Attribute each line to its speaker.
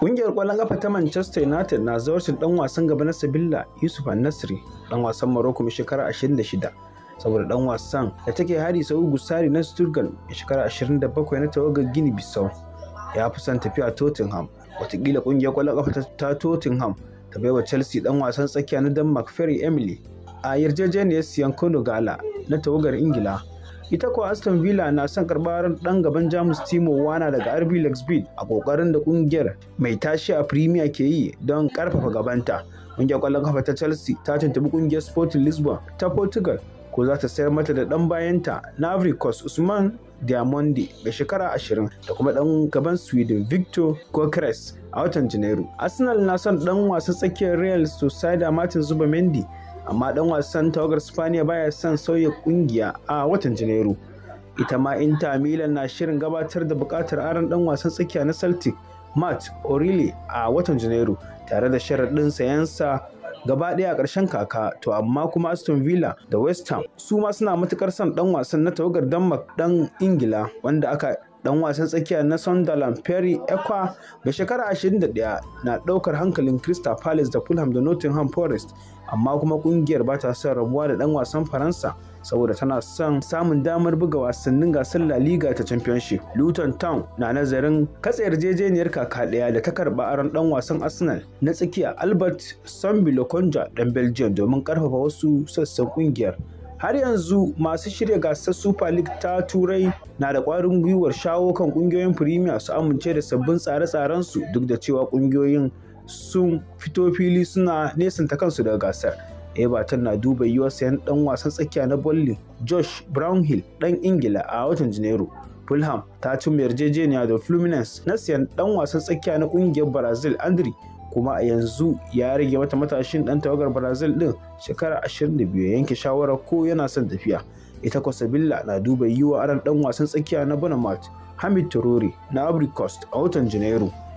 Speaker 1: Ƙungiyar ƙwallon ƙafa ta Manchester United na zaurcin ɗan wasan gaba na Sevilla Yusuf Nasri, ɗan wasan Morocco mai shekara 26, saboda ɗan wasan da take hari sau Gusari na Stuttgart mai shekara 27 na tawagar Gini Bissau. Ya fi son tafiya Tottenham, wataƙila ƙungiyar ƙwallon ƙafa ta Tottenham ta baiwa Chelsea ɗan wasan tsakiya na Denmark Ferry Emily a yarjejeniyar siyan Gala na tawagar Ingila. ita kuwa aston villa na son karbar ɗan gaban jamus timo wana daga rb leipzig a ƙoƙarin da ƙungiyar mai tashi a premier ke yi don karfafa gabanta ƙungiyar ƙwallon kafa ta chelsea ta tuntubi ƙungiyar sporting lisbon ta portugal ko za ta sayar mata da ɗan bayanta na navrikos usman diamondi mai shekara ashirin, da kuma ɗan gaban sweden victor gokres a watan janairu arsenal na son ɗan wasan tsakiyar real sociedad martin zuba mendy amma dan wasan tawagar spaniya baya son sauya kungiya a watan janairu ita ma inter milan na shirin gabatar da bukatar aron dan wasan tsakiya na celtic matt o'reilly a watan janairu tare da sharaɗin sayansa gaba ɗaya a ƙarshen kaka to amma kuma aston villa da west ham su ma suna matukar son dan wasan na tawagar denmark dan ingila wanda aka dan wasan tsakiya na Sunderland Perry Ekwa mai shekara 21 na daukar hankalin Crystal Palace da Fulham da Nottingham Forest amma kuma kungiyar ba ta son rabuwa da dan wasan Faransa saboda tana son samun damar buga wasannin gasar La Liga ta Championship. Luton Town na nazarin katse yarjejeniyar kaka daya da ta karba aron dan wasan Arsenal na tsakiya Albert Sambi Lokonja dan Belgium domin karfafa wasu sassan kungiyar. har yanzu masu shirya gasar super league ta turai na da ƙwarin gwiwar shawo kan ƙungiyoyin premier su amince da sabbin tsare tsaren su duk da cewa ƙungiyoyin sun fito fili suna nesanta kansu daga gasar everton na duba yiwuwar sayan dan wasan tsakiya na Bolli josh brownhill dan ingila a watan janairu fulham ta cimma yarjejeniya da fluminense na sayan dan wasan tsakiya na kungiyar brazil andri kuma a yanzu ya rage mata matashin dan tawagar brazil din shekara 22 yanke shawarar ko yana son tafiya ita kwa sabilla na duba yiwa aran dan wasan tsakiya na bonamart hamid Torori na abricost a watan janairu